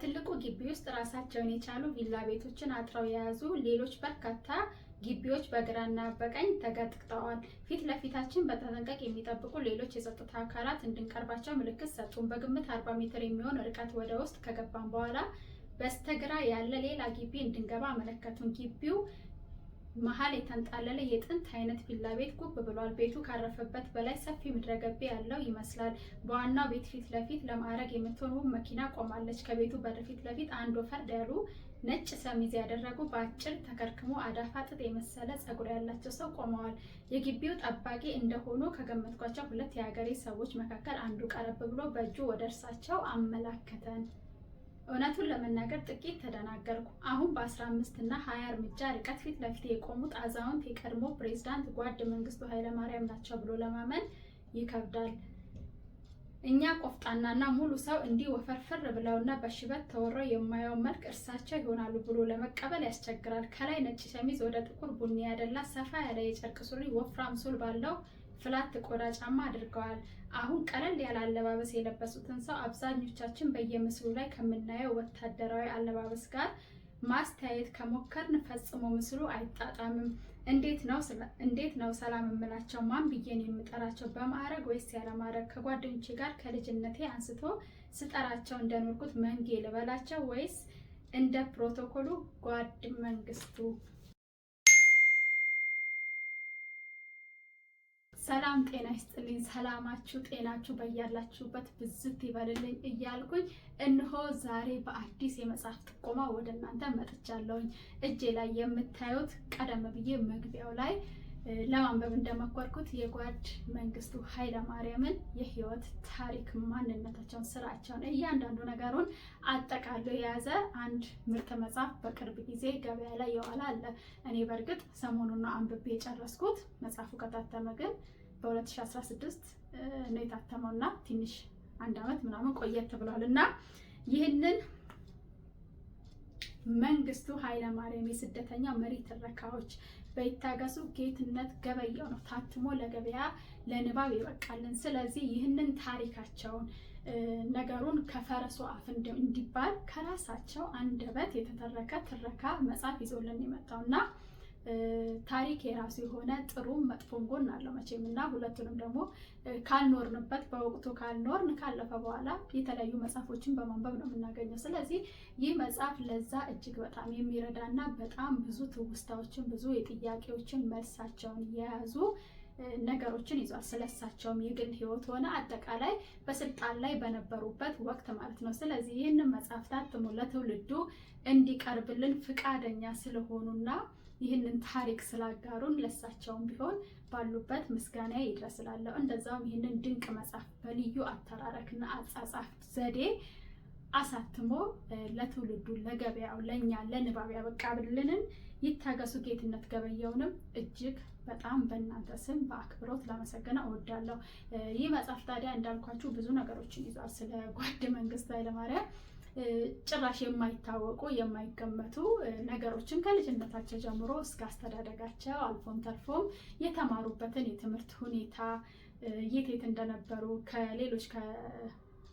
በትልቁ ግቢ ውስጥ ራሳቸውን የቻሉ ቪላ ቤቶችን አጥረው የያዙ ሌሎች በርካታ ግቢዎች በግራና በቀኝ ተገጥቅጠዋል። ፊት ለፊታችን በተጠንቀቅ የሚጠብቁ ሌሎች የጸጥታ አካላት እንድንቀርባቸው ምልክት ሰጡን። በግምት 40 ሜትር የሚሆን ርቀት ወደ ውስጥ ከገባን በኋላ በስተግራ ያለ ሌላ ግቢ እንድንገባ አመለከቱን። ግቢው መሀል የተንጣለለ የጥንት አይነት ቪላ ቤት ጉብ ብሏል። ቤቱ ካረፈበት በላይ ሰፊ ምድረገቤ ያለው ይመስላል። በዋናው ቤት ፊት ለፊት ለማዕረግ የምትሆን ውብ መኪና ቆማለች። ከቤቱ በር ፊት ለፊት አንድ ወፈር ያሉ ነጭ ሸሚዝ ያደረጉ በአጭር ተከርክሞ አዳፋ ጥጥ የመሰለ ጸጉር ያላቸው ሰው ቆመዋል። የግቢው ጠባቂ እንደሆኑ ከገመትኳቸው ሁለት የሀገሬ ሰዎች መካከል አንዱ ቀረብ ብሎ በእጁ ወደ እርሳቸው አመላከተን። እውነቱን ለመናገር ጥቂት ተደናገርኩ። አሁን በ15 እና 20 እርምጃ ርቀት ፊት ለፊት የቆሙት አዛውንት የቀድሞ ፕሬዝዳንት ጓድ መንግስቱ ኃይለማርያም ናቸው ብሎ ለማመን ይከብዳል። እኛ ቆፍጣናና ሙሉ ሰው እንዲህ ወፈርፈር ብለውና በሽበት ተወረው የማየውን መልክ እርሳቸው ይሆናሉ ብሎ ለመቀበል ያስቸግራል። ከላይ ነጭ ሸሚዝ ወደ ጥቁር ቡኒ ያደላ ሰፋ ያለ የጨርቅ ሱሪ፣ ወፍራም ሱል ባለው ፍላት ቆዳ ጫማ አድርገዋል። አሁን ቀለል ያለ አለባበስ የለበሱትን ሰው አብዛኞቻችን በየምስሉ ላይ ከምናየው ወታደራዊ አለባበስ ጋር ማስተያየት ከሞከርን ፈጽሞ ምስሉ አይጣጣምም። እንዴት ነው ሰላም የምላቸው? ማን ብዬን የምጠራቸው? በማዕረግ ወይስ ያለማዕረግ? ከጓደኞቼ ጋር ከልጅነቴ አንስቶ ስጠራቸው እንደኖርኩት መንጌ ልበላቸው ወይስ እንደ ፕሮቶኮሉ ጓድ መንግስቱ ሰላም ጤና ይስጥልኝ። ሰላማችሁ ጤናችሁ በያላችሁበት ብዝት ይበልልኝ እያልኩኝ እንሆ ዛሬ በአዲስ የመጽሐፍ ጥቆማ ወደ እናንተ መጥቻለሁኝ። እጄ ላይ የምታዩት ቀደም ብዬ መግቢያው ላይ ለማንበብ እንደሞከርኩት የጓድ መንግስቱ ኃይለ ማርያምን የህይወት ታሪክ ማንነታቸውን፣ ስራቸውን፣ እያንዳንዱ ነገሩን አጠቃሎ የያዘ አንድ ምርተ መጽሐፍ በቅርብ ጊዜ ገበያ ላይ የዋለ አለ። እኔ በእርግጥ ሰሞኑን አንብቤ የጨረስኩት። መጽሐፉ ከታተመ ግን በ2016 ነው የታተመው እና ትንሽ አንድ ዓመት ምናምን ቆየት ብሏል እና ይህንን መንግስቱ ኃይለማርያም የስደተኛ መሪ ትረካዎች በይታገሱ ጌትነት ገበያው ነው ታትሞ ለገበያ ለንባብ ይበቃልን። ስለዚህ ይህንን ታሪካቸውን ነገሩን ከፈረሱ አፍ እንዲባል ከራሳቸው አንደበት የተተረከ ትረካ መጽሐፍ ይዞልን የመጣውና ታሪክ የራሱ የሆነ ጥሩም መጥፎም ጎን አለው መቼም እና ሁለቱንም ደግሞ ካልኖርንበት በወቅቱ ካልኖርን ካለፈ በኋላ የተለያዩ መጽሐፎችን በማንበብ ነው የምናገኘው። ስለዚህ ይህ መጽሐፍ ለዛ እጅግ በጣም የሚረዳና በጣም ብዙ ትውስታዎችን ብዙ የጥያቄዎችን መልሳቸውን የያዙ ነገሮችን ይዟል። ስለሳቸውም የግል ህይወት ሆነ አጠቃላይ በስልጣን ላይ በነበሩበት ወቅት ማለት ነው። ስለዚህ ይህንን መጽሐፍ ታትሞ ለትውልዱ እንዲቀርብልን ፍቃደኛ ስለሆኑና ይህንን ታሪክ ስላጋሩን ለሳቸውም ቢሆን ባሉበት ምስጋና ይድረስላለሁ። እንደዛውም ይህንን ድንቅ መጽሐፍ በልዩ አተራረክና አጻጻፍ ዘዴ አሳትሞ ለትውልዱ ለገበያው፣ ለእኛ ለንባብ ያበቃብልንን ይታገሱ ጌትነት ገበየውንም እጅግ በጣም በእናንተ ስም በአክብሮት ላመሰግና እወዳለሁ። ይህ መጽሐፍ ታዲያ እንዳልኳችሁ ብዙ ነገሮችን ይዟል። ስለ ጓድ መንግስቱ ኃይለማርያም ጭራሽ የማይታወቁ የማይገመቱ ነገሮችን ከልጅነታቸው ጀምሮ እስከ አስተዳደጋቸው አልፎም ተርፎም የተማሩበትን የትምህርት ሁኔታ የት የት እንደነበሩ ከሌሎች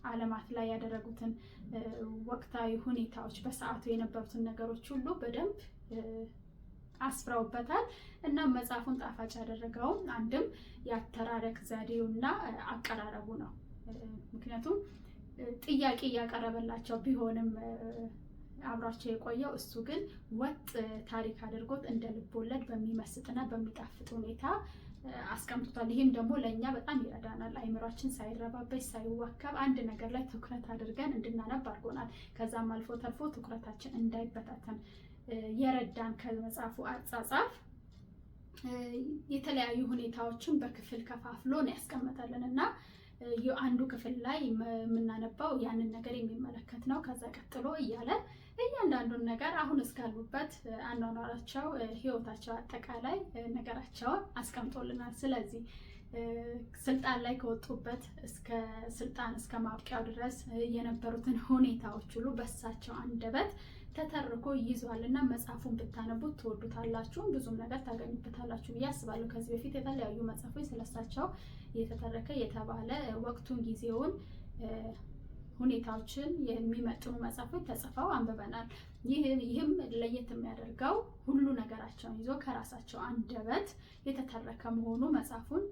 ዓለማት ላይ ያደረጉትን ወቅታዊ ሁኔታዎች በሰዓቱ የነበሩትን ነገሮች ሁሉ በደንብ አስፍረውበታል። እናም መጽሐፉን ጣፋጭ ያደረገውም አንድም የአተራረክ ዘዴውና አቀራረቡ ነው። ምክንያቱም ጥያቄ እያቀረበላቸው ቢሆንም አብሯቸው የቆየው እሱ ግን ወጥ ታሪክ አድርጎት እንደ ልቦለድ በሚመስጥና በሚጣፍጥ ሁኔታ አስቀምጦታል። ይህም ደግሞ ለእኛ በጣም ይረዳናል። አይምሯችን ሳይረባበች ሳይዋከብ አንድ ነገር ላይ ትኩረት አድርገን እንድናነብ አድርጎናል። ከዛም አልፎ ተርፎ ትኩረታችን እንዳይበታተን የረዳን ከመጽሐፉ አጻጻፍ የተለያዩ ሁኔታዎችን በክፍል ከፋፍሎ ነው ያስቀመጠልን እና አንዱ ክፍል ላይ የምናነባው ያንን ነገር የሚመለከት ነው። ከዛ ቀጥሎ እያለ እያንዳንዱን ነገር አሁን እስካሉበት አኗኗራቸው፣ ህይወታቸው፣ አጠቃላይ ነገራቸውን አስቀምጦልናል። ስለዚህ ስልጣን ላይ ከወጡበት እስከ ስልጣን እስከ ማብቂያው ድረስ የነበሩትን ሁኔታዎች ሁሉ በእሳቸው አንደበት ተተርኮ ይዟል እና መጽሐፉን ብታነቡት ትወዱታላችሁ፣ ብዙም ነገር ታገኙበታላችሁ ብዬ አስባለሁ። ከዚህ በፊት የተለያዩ መጽሐፎች ስለሳቸው የተተረከ የተባለ ወቅቱን፣ ጊዜውን፣ ሁኔታዎችን የሚመጥኑ መጽሐፎች ተጽፈው አንብበናል። ይህም ለየት የሚያደርገው ሁሉ ነገራቸውን ይዞ ከራሳቸው አንደበት የተተረከ መሆኑ መጽሐፉን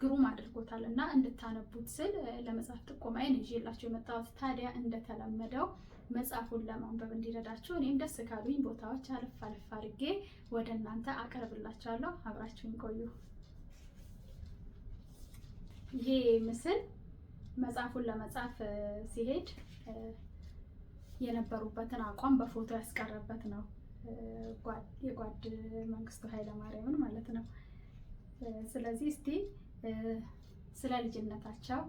ግሩም አድርጎታል እና እንድታነቡት ስል ለመጽሐፍ ጥቆማዬን ይዤላቸው የመጣሁት ታዲያ እንደተለመደው መጽሐፉን ለማንበብ እንዲረዳችሁ እኔም ደስ ካሉኝ ቦታዎች አልፍ አልፍ አድርጌ ወደ እናንተ አቀርብላችኋለሁ። አብራችሁን ቆዩ። ይሄ ምስል መጽሐፉን ለመጻፍ ሲሄድ የነበሩበትን አቋም በፎቶ ያስቀረበት ነው። የጓድ መንግስቱ ኃይለማርያምን ማለት ነው። ስለዚህ እስቲ ስለ ልጅነታቸው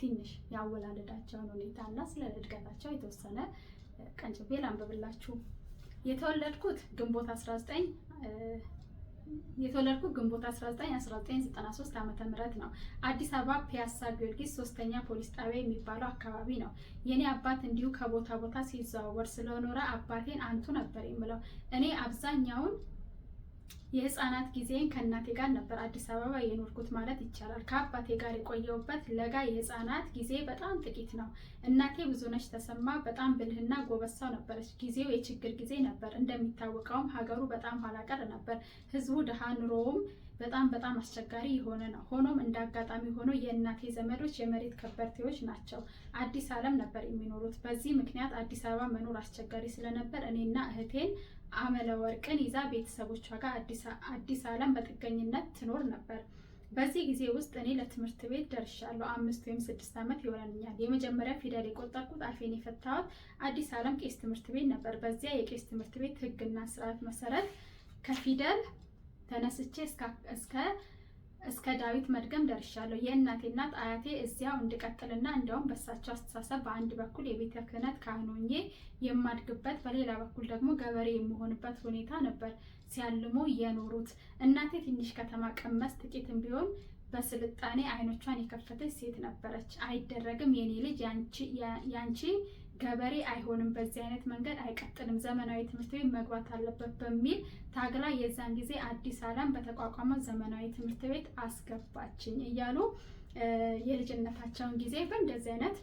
ትንሽ ያወላለዳቸውን ሁኔታ እና ስለ እድገታቸው የተወሰነ ቀንጭቤ ላንብብላችሁ። የተወለድኩት ግንቦት 19 የተወለድኩት ግንቦት 19 1993 ዓ ም ነው። አዲስ አበባ ፒያሳ ጊዮርጊስ ሶስተኛ ፖሊስ ጣቢያ የሚባለው አካባቢ ነው። የኔ አባት እንዲሁ ከቦታ ቦታ ሲዘዋወር ስለኖረ አባቴን አንቱ ነበር የምለው እኔ አብዛኛውን የህፃናት ጊዜን ከእናቴ ጋር ነበር አዲስ አበባ የኖርኩት ማለት ይቻላል። ከአባቴ ጋር የቆየውበት ለጋ የህፃናት ጊዜ በጣም ጥቂት ነው። እናቴ ብዙነች ተሰማ በጣም ብልህና ጎበሳ ነበረች። ጊዜው የችግር ጊዜ ነበር። እንደሚታወቀውም ሀገሩ በጣም ኋላቀር ነበር። ህዝቡ ድሃ፣ ኑሮውም በጣም በጣም አስቸጋሪ የሆነ ነው። ሆኖም እንደ አጋጣሚ ሆኖ የእናቴ ዘመዶች የመሬት ከበርቴዎች ናቸው። አዲስ ዓለም ነበር የሚኖሩት። በዚህ ምክንያት አዲስ አበባ መኖር አስቸጋሪ ስለነበር እኔና እህቴን አመለ ወርቅን ይዛ ቤተሰቦቿ ጋር አዲስ ዓለም በጥገኝነት ትኖር ነበር። በዚህ ጊዜ ውስጥ እኔ ለትምህርት ቤት ደርሻለሁ። አምስት ወይም ስድስት ዓመት ይሆነኛል። የመጀመሪያ ፊደል የቆጠርኩት አፌን የፈታሁት አዲስ ዓለም ቄስ ትምህርት ቤት ነበር። በዚያ የቄስ ትምህርት ቤት ሕግና ስርዓት መሰረት ከፊደል ተነስቼ እስከ እስከ ዳዊት መድገም ደርሻለሁ። የእናቴ እናት አያቴ እዚያው እንድቀጥልና እንደውም በሳቸው አስተሳሰብ በአንድ በኩል የቤተ ክህነት ካህን ሆኜ የማድግበት፣ በሌላ በኩል ደግሞ ገበሬ የመሆንበት ሁኔታ ነበር ሲያልሙ የኖሩት። እናቴ ትንሽ ከተማ ቀመስ ጥቂትም ቢሆን በስልጣኔ አይኖቿን የከፈተች ሴት ነበረች። አይደረግም የኔ ልጅ ያንቺ ገበሬ አይሆንም፣ በዚህ አይነት መንገድ አይቀጥልም፣ ዘመናዊ ትምህርት ቤት መግባት አለበት በሚል ታግላ የዛን ጊዜ አዲስ አለም በተቋቋመው ዘመናዊ ትምህርት ቤት አስገባችኝ እያሉ የልጅነታቸውን ጊዜ በእንደዚህ አይነት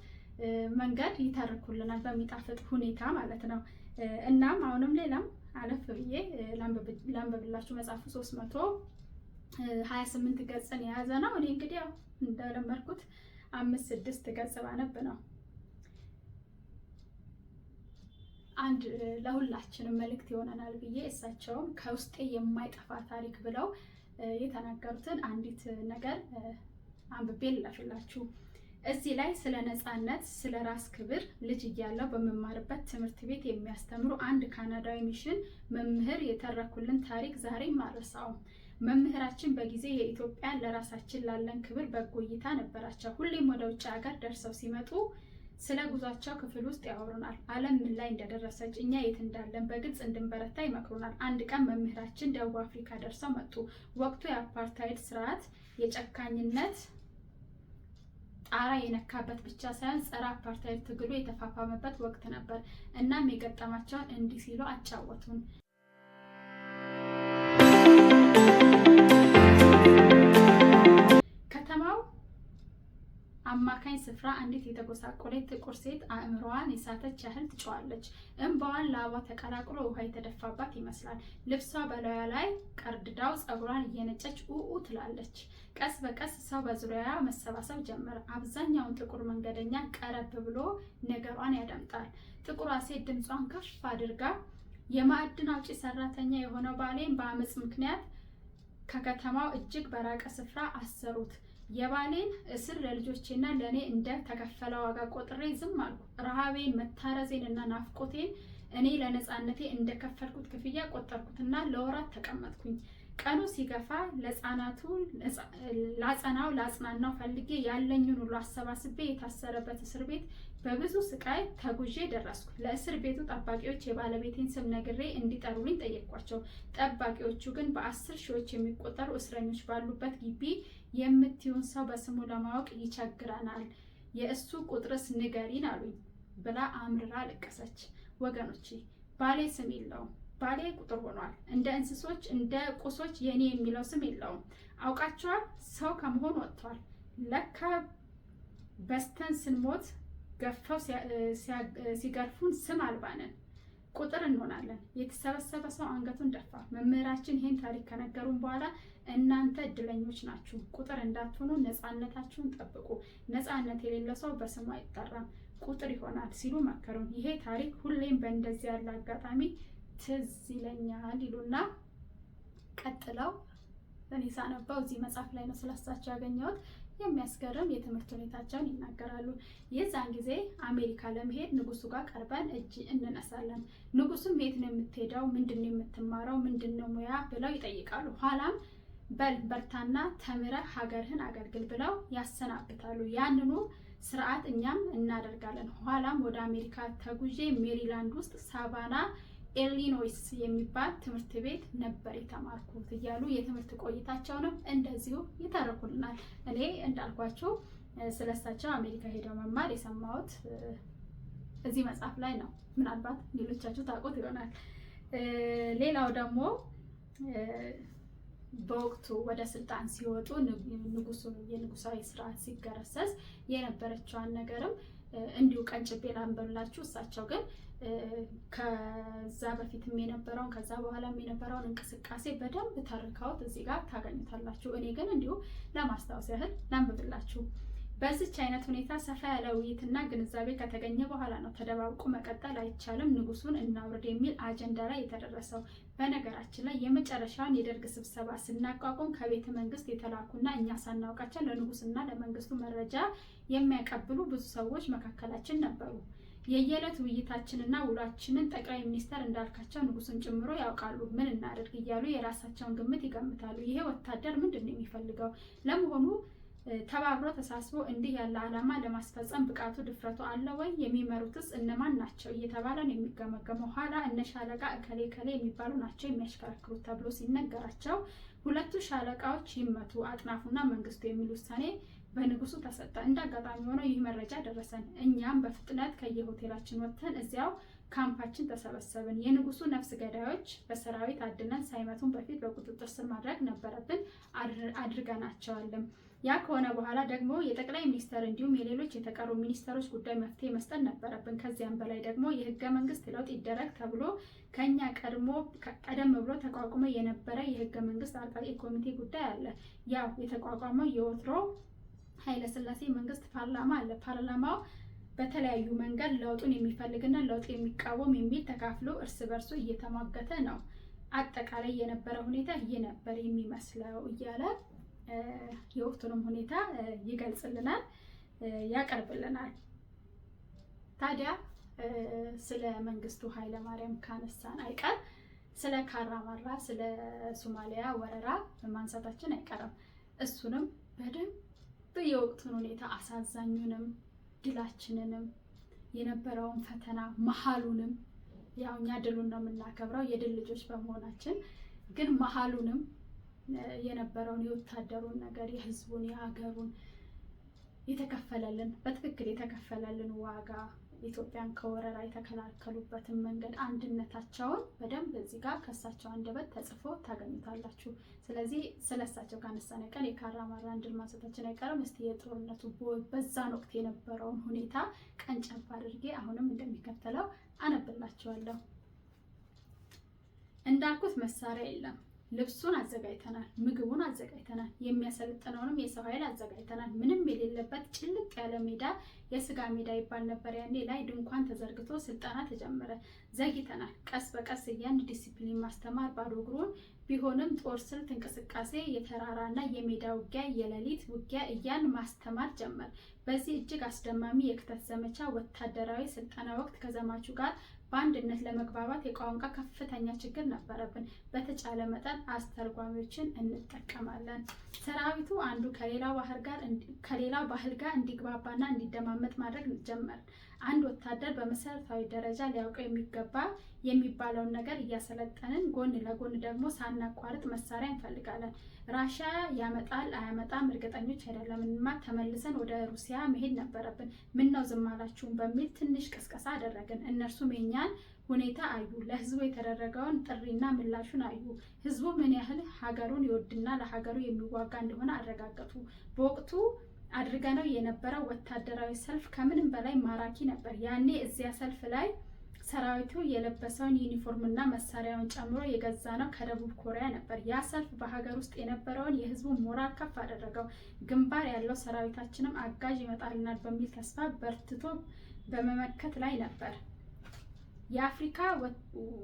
መንገድ ይተርኩልናል፣ በሚጣፍጥ ሁኔታ ማለት ነው። እናም አሁንም ሌላም አለፍ ብዬ ላንብብላችሁ መጽሐፉ ሶስት መቶ ሀያ ስምንት ገጽን የያዘ ነው። እኔ እንግዲህ እንደለመድኩት አምስት ስድስት ገጽ ባነብ ነው አንድ ለሁላችንም መልእክት ይሆነናል ብዬ እሳቸውም ከውስጤ የማይጠፋ ታሪክ ብለው የተናገሩትን አንዲት ነገር አንብቤ ልላፍላችሁ። እዚህ ላይ ስለ ነፃነት፣ ስለ ራስ ክብር ልጅ እያለው በመማርበት ትምህርት ቤት የሚያስተምሩ አንድ ካናዳዊ ሚሽን መምህር የተረኩልን ታሪክ ዛሬ ማረሳው። መምህራችን በጊዜ የኢትዮጵያን ለራሳችን ላለን ክብር በጎ እይታ ነበራቸው። ሁሌም ወደ ውጭ ሀገር ደርሰው ሲመጡ ስለ ጉዟቸው ክፍል ውስጥ ያወሩናል። ዓለም ምን ላይ እንደደረሰች እኛ የት እንዳለን በግልጽ እንድንበረታ ይመክሩናል። አንድ ቀን መምህራችን ደቡብ አፍሪካ ደርሰው መጡ። ወቅቱ የአፓርታይድ ስርዓት የጨካኝነት ጣራ የነካበት ብቻ ሳይሆን ጸረ አፓርታይድ ትግሉ የተፋፋመበት ወቅት ነበር። እናም የገጠማቸውን እንዲህ ሲሉ አጫወቱን። ከተማው አማካኝ ስፍራ አንዲት የተጎሳቆለች ጥቁር ሴት አእምሮዋን የሳተች ያህል ትጮኻለች። እንባዋን ላባ ተቀላቅሎ ውሃ የተደፋባት ይመስላል። ልብሷ በላዩ ላይ ቀርድዳው ጸጉሯን እየነጨች ኡኡ ትላለች። ቀስ በቀስ ሰው በዙሪያዋ መሰባሰብ ጀመረ። አብዛኛውን ጥቁር መንገደኛ ቀረብ ብሎ ነገሯን ያዳምጣል። ጥቁሯ ሴት ድምጿን ከፍ አድርጋ የማዕድን አውጪ ሰራተኛ የሆነው ባሌን በአመፅ ምክንያት ከከተማው እጅግ በራቀ ስፍራ አሰሩት። የባሌን እስር ለልጆቼና ለእኔ እንደ ተከፈለ ዋጋ ቆጥሬ ዝም አልኩ። ረሃቤን፣ መታረዜን እና ናፍቆቴን እኔ ለነፃነቴ እንደከፈልኩት ክፍያ ቆጠርኩትና ለወራት ተቀመጥኩኝ። ቀኑ ሲገፋ ለህፃናቱ ላጸናው ላጽናናው ፈልጌ ያለኝን ሁሉ አሰባስቤ የታሰረበት እስር ቤት በብዙ ስቃይ ተጉዤ ደረስኩ። ለእስር ቤቱ ጠባቂዎች የባለቤቴን ስም ነግሬ እንዲጠሩልኝ ጠየቅኳቸው። ጠባቂዎቹ ግን በአስር ሺዎች የሚቆጠሩ እስረኞች ባሉበት ግቢ የምትዩን ሰው በስሙ ለማወቅ ይቸግረናል፣ የእሱ ቁጥርስ ንገሪን አሉኝ ብላ አምርራ ለቀሰች ወገኖቼ ባሌ ስም የለውም። ባሌ ቁጥር ሆኗል። እንደ እንስሶች እንደ ቁሶች የኔ የሚለው ስም የለውም። አውቃቸዋል። ሰው ከመሆን ወጥቷል። ለካ በስተን ስንሞት ገፈው ሲገርፉን ስም አልባ ነን። ቁጥር እንሆናለን። የተሰበሰበ ሰው አንገቱን ደፋ። መምህራችን ይህን ታሪክ ከነገሩን በኋላ እናንተ እድለኞች ናችሁ፣ ቁጥር እንዳትሆኑ ነፃነታችሁን ጠብቁ፣ ነፃነት የሌለ ሰው በስሙ አይጠራም፣ ቁጥር ይሆናል ሲሉ መከሩን። ይሄ ታሪክ ሁሌም በእንደዚህ ያለ አጋጣሚ ትዝ ይለኛል ይሉና ቀጥለው እኔ ሳነበው እዚህ መጽሐፍ ላይ ነው ስላሳቸው ያገኘሁት የሚያስገርም የትምህርት ሁኔታቸውን ይናገራሉ። የዛን ጊዜ አሜሪካ ለመሄድ ንጉሱ ጋር ቀርበን እጅ እንነሳለን። ንጉሱም የት ነው የምትሄደው? ምንድን ነው የምትማረው? ምንድን ነው ሙያ ብለው ይጠይቃሉ። ኋላም በል በርታና ተምረ ሀገርህን አገልግል ብለው ያሰናብታሉ። ያንኑ ስርዓት እኛም እናደርጋለን። ኋላም ወደ አሜሪካ ተጉዤ ሜሪላንድ ውስጥ ሳቫና ኤሊኖይስ የሚባል ትምህርት ቤት ነበር የተማርኩት እያሉ የትምህርት ቆይታቸውንም እንደዚሁ ይተርኩልናል። እኔ እንዳልኳቸው ስለሳቸው አሜሪካ ሄደው መማር የሰማሁት እዚህ መጽሐፍ ላይ ነው። ምናልባት ሌሎቻችሁ ታውቁት ይሆናል። ሌላው ደግሞ በወቅቱ ወደ ስልጣን ሲወጡ ንጉሱ የንጉሳዊ ስርዓት ሲገረሰስ የነበረችዋን ነገርም እንዲሁ ቀንጭቤ ላንብብላችሁ። እሳቸው ግን ከዛ በፊትም የነበረውን ከዛ በኋላም የነበረውን እንቅስቃሴ በደንብ ተርከውት እዚህ ጋር ታገኙታላችሁ። እኔ ግን እንዲሁ ለማስታወስ ያህል ላንብብላችሁ። በዚች አይነት ሁኔታ ሰፋ ያለ ውይይትና ግንዛቤ ከተገኘ በኋላ ነው ተደባብቆ መቀጠል አይቻልም፣ ንጉሱን እናውርድ የሚል አጀንዳ ላይ የተደረሰው። በነገራችን ላይ የመጨረሻውን የደርግ ስብሰባ ስናቋቁም ከቤተ መንግስት የተላኩና እኛ ሳናውቃቸው ለንጉስና ለመንግስቱ መረጃ የሚያቀብሉ ብዙ ሰዎች መካከላችን ነበሩ። የየዕለት ውይይታችንና ውሏችንን ጠቅላይ ሚኒስተር እንዳልካቸው ንጉሱን ጨምሮ ያውቃሉ። ምን እናደርግ እያሉ የራሳቸውን ግምት ይገምታሉ። ይሄ ወታደር ምንድን ነው የሚፈልገው? ለመሆኑ ተባብሮ ተሳስቦ እንዲህ ያለ ዓላማ ለማስፈጸም ብቃቱ ድፍረቱ አለ ወይ? የሚመሩትስ እነማን ናቸው? እየተባለ ነው የሚገመገመው። ኋላ እነ ሻለቃ እከሌ እከሌ የሚባሉ ናቸው የሚያሽከረክሩት ተብሎ ሲነገራቸው ሁለቱ ሻለቃዎች ይመቱ አጥናፉና መንግስቱ የሚል ውሳኔ በንጉሱ ተሰጠ። እንደ አጋጣሚ ሆነው ይህ መረጃ ደረሰን። እኛም በፍጥነት ከየሆቴላችን ወጥተን እዚያው ካምፓችን ተሰበሰብን። የንጉሱ ነፍስ ገዳዮች በሰራዊት አድነን ሳይመቱን በፊት በቁጥጥር ስር ማድረግ ነበረብን፣ አድርገናቸዋልም። ያ ከሆነ በኋላ ደግሞ የጠቅላይ ሚኒስተር እንዲሁም የሌሎች የተቀሩ ሚኒስተሮች ጉዳይ መፍትሄ መስጠት ነበረብን። ከዚያም በላይ ደግሞ የህገ መንግስት ለውጥ ይደረግ ተብሎ ከኛ ቀድሞ ቀደም ብሎ ተቋቁሞ የነበረ የህገ መንግስት አርቃቂ ኮሚቴ ጉዳይ አለ። ያው የተቋቋመው የወትሮ ኃይለሥላሴ መንግስት ፓርላማ አለ። ፓርላማው በተለያዩ መንገድ ለውጡን የሚፈልግና ለውጥ የሚቃወም የሚል ተካፍሎ እርስ በርሱ እየተሟገተ ነው። አጠቃላይ የነበረ ሁኔታ ይህ ነበር የሚመስለው እያለ የወቅቱንም ሁኔታ ይገልጽልናል፣ ያቀርብልናል። ታዲያ ስለ መንግስቱ ኃይለማርያም ካነሳን አይቀር ስለ ካራማራ ስለ ሶማሊያ ወረራ ማንሳታችን አይቀርም። እሱንም በደንብ በየወቅቱን ሁኔታ አሳዛኙንም ድላችንንም የነበረውን ፈተና መሀሉንም ያው እኛ ድሉን ነው የምናከብረው የድል ልጆች በመሆናችን ግን መሀሉንም የነበረውን የወታደሩን ነገር የህዝቡን የሀገሩን የተከፈለልን በትክክል የተከፈለልን ዋጋ ኢትዮጵያን ከወረራ የተከላከሉበትን መንገድ አንድነታቸውን በደንብ እዚህ ጋር ከእሳቸው አንደበት ተጽፎ ታገኙታላችሁ። ስለዚህ ስለ እሳቸው ካነሳን አይቀር የካራማራን ድል ማንሳታችን አይቀርም። እስቲ የጦርነቱ በዛን ወቅት የነበረውን ሁኔታ ቀንጨብ አድርጌ አሁንም እንደሚከተለው አነብላችኋለሁ። እንዳልኩት መሳሪያ የለም ልብሱን አዘጋጅተናል፣ ምግቡን አዘጋጅተናል፣ የሚያሰለጥነውንም የሰው ኃይል አዘጋጅተናል። ምንም የሌለበት ጭልቅ ያለ ሜዳ የስጋ ሜዳ ይባል ነበር ያኔ ላይ ድንኳን ተዘርግቶ ስልጠና ተጀመረ። ዘግይተናል። ቀስ በቀስ እያንድ ዲሲፕሊን ማስተማር ባዶ እግሩን ቢሆንም ጦር ስልት እንቅስቃሴ፣ የተራራና የሜዳ ውጊያ፣ የሌሊት ውጊያ እያን ማስተማር ጀመር። በዚህ እጅግ አስደማሚ የክተት ዘመቻ ወታደራዊ ስልጠና ወቅት ከዘማቹ ጋር በአንድነት ለመግባባት የቋንቋ ከፍተኛ ችግር ነበረብን። በተቻለ መጠን አስተርጓሚዎችን እንጠቀማለን። ሰራዊቱ አንዱ ከሌላው ባህል ጋር እንዲግባባና እንዲደማመጥ ማድረግ ጀመርን። አንድ ወታደር በመሰረታዊ ደረጃ ሊያውቀው የሚገባ የሚባለውን ነገር እያሰለጠንን ጎን ለጎን ደግሞ ሳናቋርጥ መሳሪያ እንፈልጋለን። ራሻ ያመጣል አያመጣም እርግጠኞች አይደለም ተመልሰን ወደ ሩሲያ መሄድ ነበረብን። ምነው ዝም አላችሁም በሚል ትንሽ ቅስቀሳ አደረግን። እነርሱም የኛን ሁኔታ አዩ። ለህዝቡ የተደረገውን ጥሪና ምላሹን አዩ። ህዝቡ ምን ያህል ሀገሩን ይወድና ለሀገሩ የሚዋጋ እንደሆነ አረጋገጡ። በወቅቱ አድርገ ነው የነበረው ወታደራዊ ሰልፍ ከምንም በላይ ማራኪ ነበር። ያኔ እዚያ ሰልፍ ላይ ሰራዊቱ የለበሰውን ዩኒፎርም እና መሳሪያውን ጨምሮ የገዛ ነው ከደቡብ ኮሪያ ነበር። ያ ሰልፍ በሀገር ውስጥ የነበረውን የህዝቡ ሞራል ከፍ አደረገው። ግንባር ያለው ሰራዊታችንም አጋዥ ይመጣልናል በሚል ተስፋ በርትቶ በመመከት ላይ ነበር። የአፍሪካ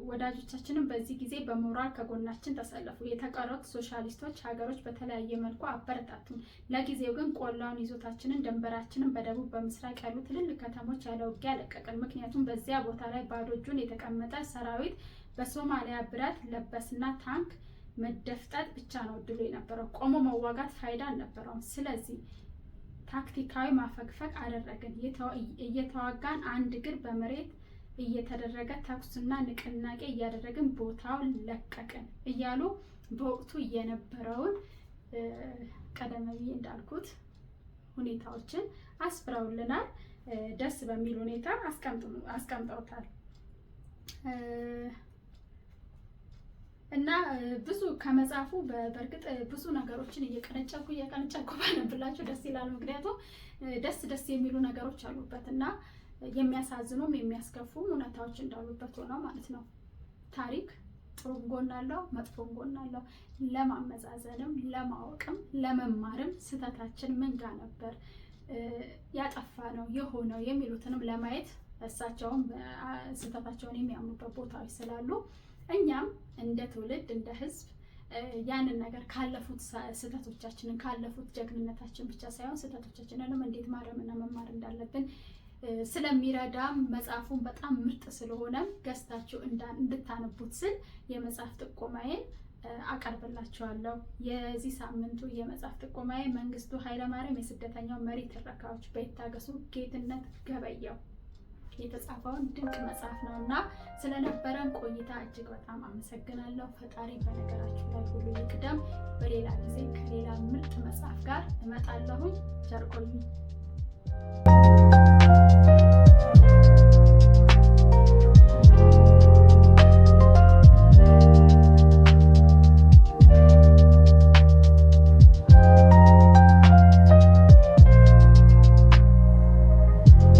ወዳጆቻችንም በዚህ ጊዜ በሞራል ከጎናችን ተሰለፉ። የተቀሩት ሶሻሊስቶች ሀገሮች በተለያየ መልኩ አበረታቱን። ለጊዜው ግን ቆላውን ይዞታችንን ድንበራችንን በደቡብ በምስራቅ ያሉ ትልልቅ ከተሞች ያለ ውጊያ ለቀቅን። ምክንያቱም በዚያ ቦታ ላይ ባዶ እጁን የተቀመጠ ሰራዊት በሶማሊያ ብረት ለበስና ታንክ መደፍጠጥ ብቻ ነው እድሉ የነበረው። ቆሞ መዋጋት ፋይዳ አልነበረውም። ስለዚህ ታክቲካዊ ማፈግፈግ አደረግን። እየተዋጋን አንድ እግር በመሬት እየተደረገ ተኩስና ንቅናቄ እያደረግን ቦታውን ለቀቅን እያሉ በወቅቱ የነበረውን ቀደም ብዬ እንዳልኩት ሁኔታዎችን አስፍረውልናል። ደስ በሚል ሁኔታ አስቀምጠውታል። እና ብዙ ከመጽሐፉ በእርግጥ ብዙ ነገሮችን እየቀነጨኩ እየቀነጨኩ ባነብላችሁ ደስ ይላል። ምክንያቱም ደስ ደስ የሚሉ ነገሮች አሉበት እና የሚያሳዝኑም የሚያስከፉም እውነታዎች እንዳሉበት ሆነው ማለት ነው። ታሪክ ጥሩ ጎን አለው፣ መጥፎ ጎን አለው። ለማመዛዘንም ለማወቅም ለመማርም ስህተታችን ምን ጋር ነበር ያጠፋ ነው የሆነው የሚሉትንም ለማየት እሳቸውም ስህተታቸውን የሚያምኑበት ቦታዎች ስላሉ እኛም እንደ ትውልድ እንደ ሕዝብ ያንን ነገር ካለፉት ስህተቶቻችንን ካለፉት ጀግንነታችን ብቻ ሳይሆን ስህተቶቻችንንም እንዴት ማረምና መማር እንዳለብን ስለሚረዳም መጽሐፉን በጣም ምርጥ ስለሆነም ገዝታችሁ እንድታነቡት ስል የመጽሐፍ ጥቆማዬን አቀርብላችኋለሁ። የዚህ ሳምንቱ የመጽሐፍ ጥቆማዬ መንግስቱ ኃይለማርያም የስደተኛው መሪ ትረካዎች በይታገሱ ጌትነት ገበየው የተጻፈውን ድንቅ መጽሐፍ ነው እና ስለነበረን ቆይታ እጅግ በጣም አመሰግናለሁ። ፈጣሪ በነገራችሁ ላይ ሁሉ ይቅደም። በሌላ ጊዜ ከሌላ ምርጥ መጽሐፍ ጋር እመጣለሁኝ። ቸር ቆዩ። you